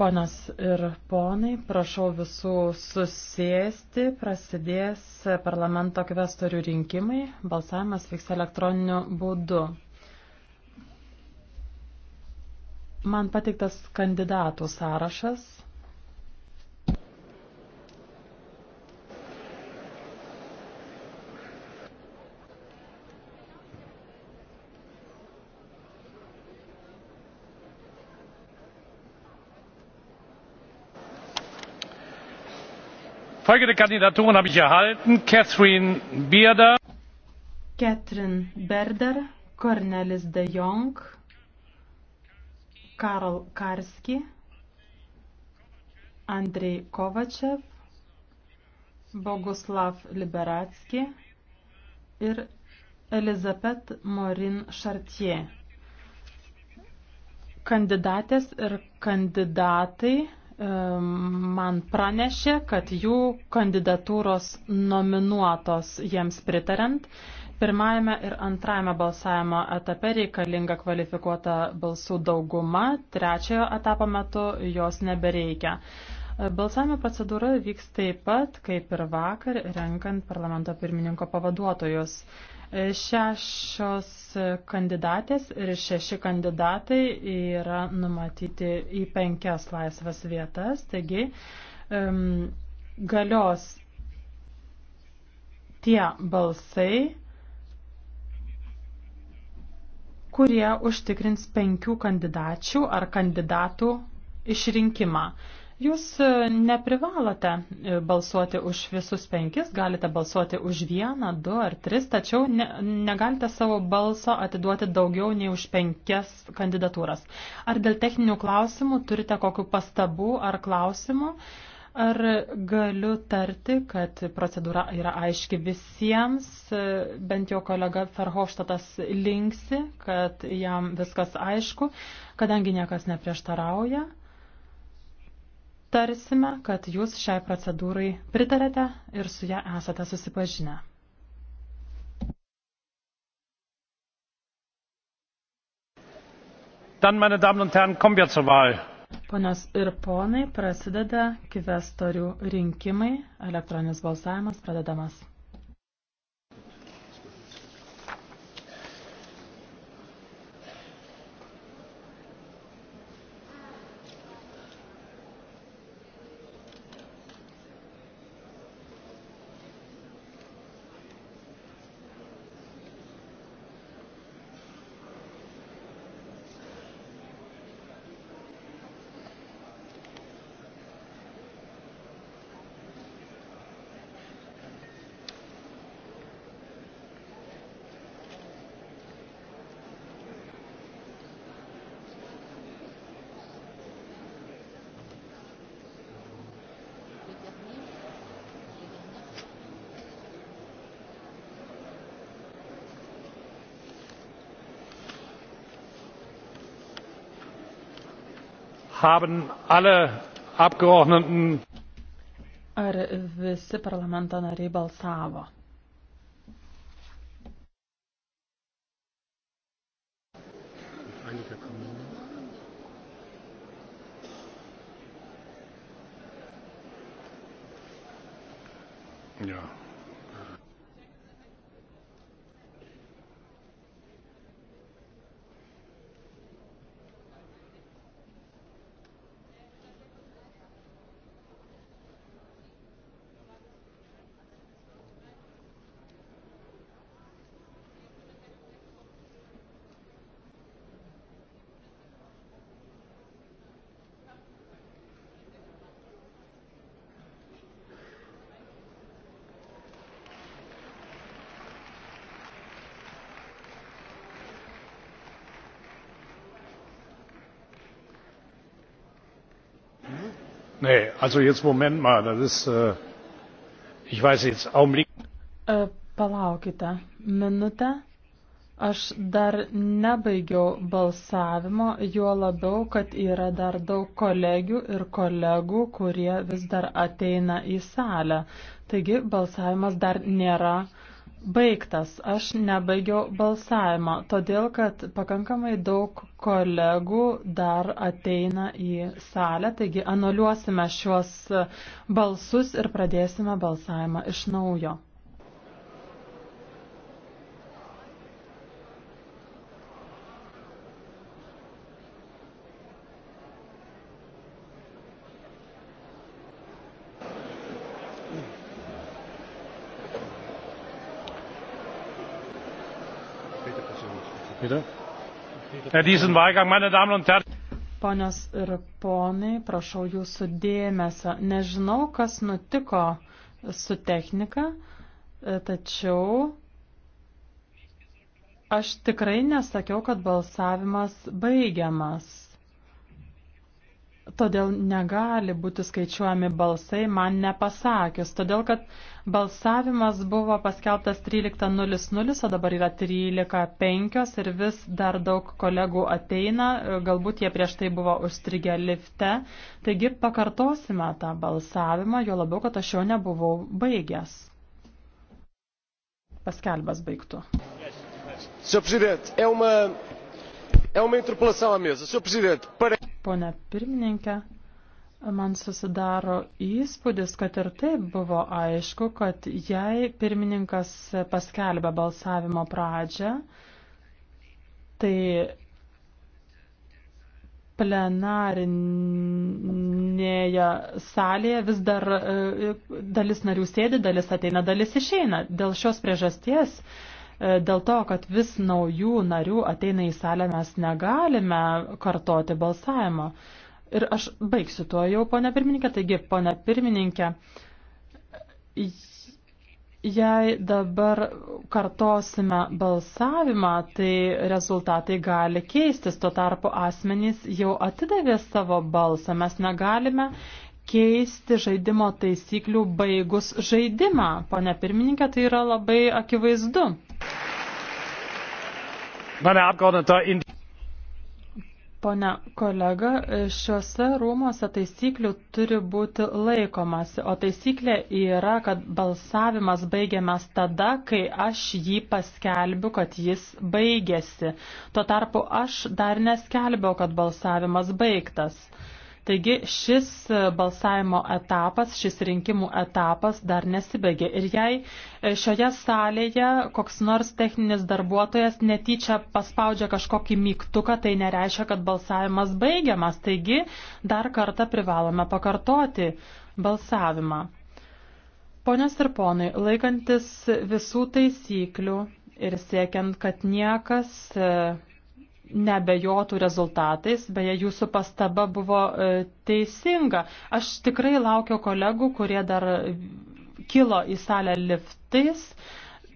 Ponas ir ponai, prašau visų susėsti, prasidės parlamento kvestorių rinkimai, balsavimas vyks elektroniniu būdu. Man patiktas kandidatų sąrašas. folgende kandidaturen habe ich erhalten catherine bearder catherine berder cornelis de jong karol karski andrei kovačev boguslav liberacki ir elizabet morin chartier kandidatės ir kandidatai man pranešė, kad jų kandidatūros nominuotos jiems pritarant. Pirmajame ir antrajame balsavimo etape reikalinga kvalifikuota balsų dauguma, trečiojo etapo metu jos nebereikia. Balsavimo procedūra vyks taip pat, kaip ir vakar, renkant parlamento pirmininko pavaduotojus. Šešios kandidatės ir šeši kandidatai yra numatyti į penkias laisvas vietas, taigi um, galios tie balsai, kurie užtikrins penkių kandidačių ar kandidatų išrinkimą. Jūs e, neprivalote e, balsuoti už visus penkis, galite balsuoti už vieną, du ar tris, tačiau ne, negalite savo balso atiduoti daugiau nei už penkias kandidatūras. Ar dėl techninių klausimų turite kokiu pastabų ar klausimų? Ar galiu tarti, kad procedūra yra aiški visiems, e, bent jau kolega Ferhoštatas linksi, kad jam viskas aišku, kadangi niekas neprieštarauja? tarsime, kad jūs šiai procedūrai pritarėte ir su ją esate susipažinę. Dann, meine Damen und Herren, kommen wir zur Wahl. Ponios ir ponai, prasideda kvestorių rinkimai, elektroninis balsavimas pradedamas. haben alle abgeordneten ar visi parlamento nariai balsavo Ja. Nee, also jetzt Moment mal, das ist, äh, ich weiß jetzt, Augenblick. Äh, palaukite, minutę. Aš dar nebaigiau balsavimo, juo labiau, kad yra dar daug kolegių ir kolegų, kurie vis dar ateina į salę. Taigi balsavimas dar nėra baigtas. Aš nebaigiau balsavimo, todėl kad pakankamai daug kolegų dar ateina į salę, taigi anuliuosime šiuos balsus ir pradėsime balsavimą iš naujo. Ponios ir ponai, prašau jūsų dėmesio. Nežinau, kas nutiko su technika, tačiau aš tikrai nesakiau, kad balsavimas baigiamas todėl negali būti skaičiuojami balsai man nepasakius, todėl kad balsavimas buvo paskelbtas 13.00, o dabar yra 13.05 ir vis dar daug kolegų ateina, galbūt jie prieš tai buvo užstrigę lifte, taigi pakartosime tą balsavimą, jo labiau, kad aš jo nebuvau baigęs. Paskelbęs baigtų. Sr. Presidente, é uma, é uma interpelação à mesa. Sr. Presidente, parece ponė pirmininkė. Man susidaro įspūdis, kad ir taip buvo aišku, kad jei pirmininkas paskelbė balsavimo pradžią, tai plenarinėje salėje vis dar e, dalis narių sėdi, dalis ateina, dalis išeina. Dėl šios priežasties E, dėl to, kad vis naujų narių ateina į salę, mes negalime kartoti balsavimo. Ir aš baigsiu tuo jau, ponia pirmininkė. Taigi, ponia pirmininkė, Jei dabar kartosime balsavimą, tai rezultatai gali keistis. Tuo tarpu asmenys jau atidavė savo balsą. Mes negalime keisti žaidimo taisyklių baigus žaidimą. Pone pirmininkė, tai yra labai akivaizdu. Pone kolega, šiuose rūmose taisyklių turi būti laikomasi, o taisyklė yra, kad balsavimas baigiamas tada, kai aš jį paskelbiu, kad jis baigėsi. Tuo tarpu aš dar neskelbiau, kad balsavimas baigtas. Taigi šis e, balsavimo etapas, šis rinkimų etapas dar nesibėgė. Ir jei e, šioje salėje koks nors techninis darbuotojas netyčia paspaudžia kažkokį mygtuką, tai nereiškia, kad balsavimas baigiamas. Taigi dar kartą privalome pakartoti balsavimą. Ponios ir ponai, laikantis visų taisyklių ir siekiant, kad niekas e, nebejotų rezultatais, beje, jūsų pastaba buvo e, teisinga. Aš tikrai laukiu kolegų, kurie dar kilo į salę liftais.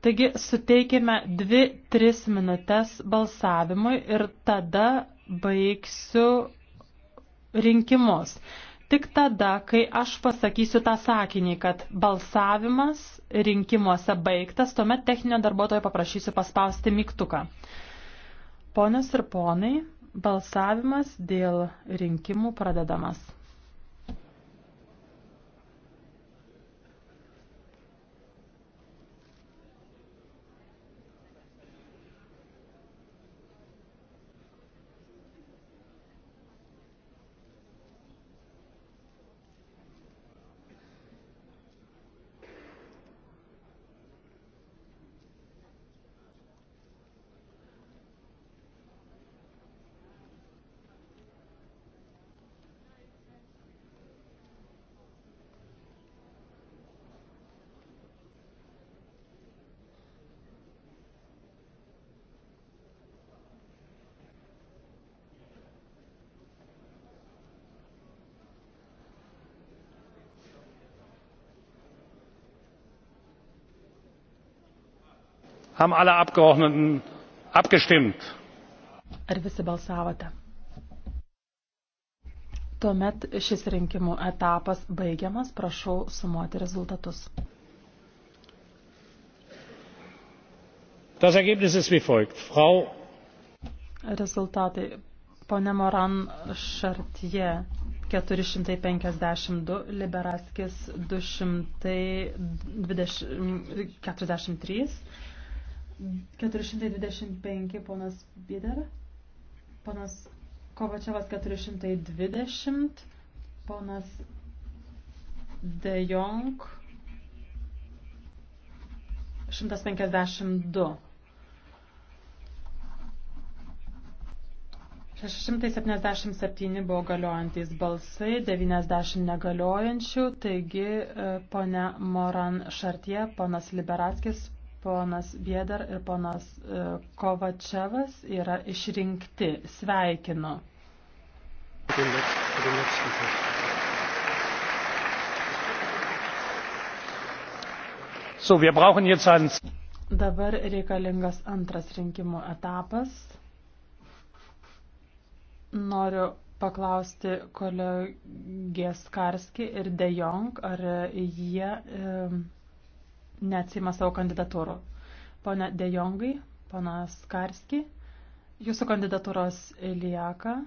Taigi suteikime 2-3 minutės balsavimui ir tada baigsiu rinkimus. Tik tada, kai aš pasakysiu tą sakinį, kad balsavimas rinkimuose baigtas, tuomet techninio darbuotojo paprašysiu paspausti mygtuką. Ponios ir ponai, balsavimas dėl rinkimų pradedamas. haben alle abgeordneten abgestimmt? ar visi balsavote? Tuomet šis rinkimų etapas baigiamas, prašau sumuoti rezultatus. Das Ergebnis ist wie folgt. Frau Rezultatai. Pone Moran Šartie 452, Liberaskis 243. 425 ponas Bider, ponas Kovačiavas 420, ponas De Jong 152. 677 buvo galiojantys balsai, 90 negaliojančių, taigi e, ponia Moran Šartie, ponas Liberatskis, Ponas Biedar ir ponas e, Kovačevas yra išrinkti. Sveikinu. So, wir brauchen jetzt einen... Dabar reikalingas antras rinkimų etapas. Noriu paklausti kolegės Karski ir De Jong, ar jie. E, neatsima savo kandidatūrų. Pone Dejongai, ponas Karski, jūsų kandidatūros lieka.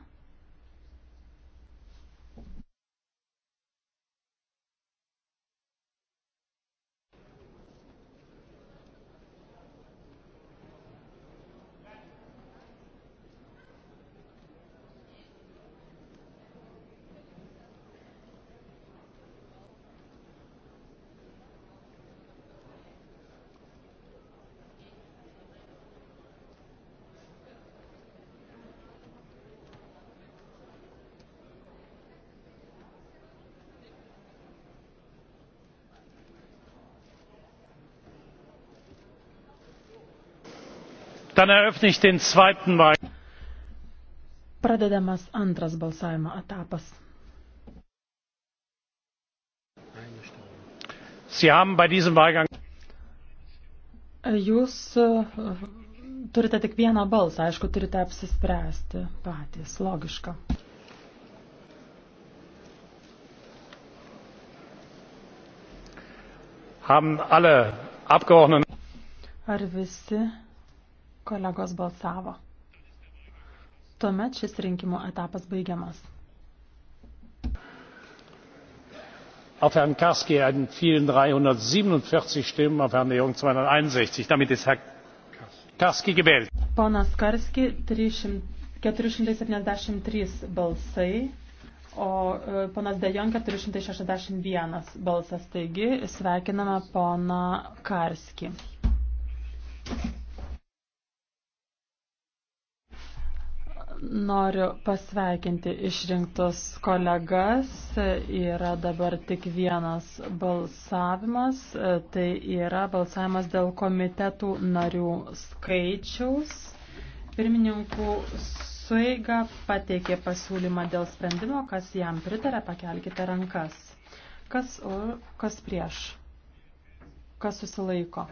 Dann eröffne ich den zweiten Pradedamas antras balsavimo etapas. Sie haben bei diesem Wahlgang Jūs e, turite tik vieną balsą, aišku, turite apsispręsti patys, logiška. Haben alle Abgeordneten Ar visi kolegos balsavo. Tuomet šis rinkimų etapas baigiamas. auf herrn karski entfielen dreihundertsiebenundvierzig stimmen auf herrn de jong. zweihunderteinundsechzig damit ist herr karski gewählt. ponas karski keturi šimtai septyniasdešimt trys balsai o e, ponas de jong keturi šimtai šešiasdešimt vienas balsas taigi sveikiname poną karskį. Noriu pasveikinti išrinktus kolegas. Yra dabar tik vienas balsavimas. Tai yra balsavimas dėl komitetų narių skaičiaus. Pirmininkų suiga pateikė pasiūlymą dėl sprendimo. Kas jam pritarė, pakelkite rankas. Kas, kas prieš? Kas susilaiko?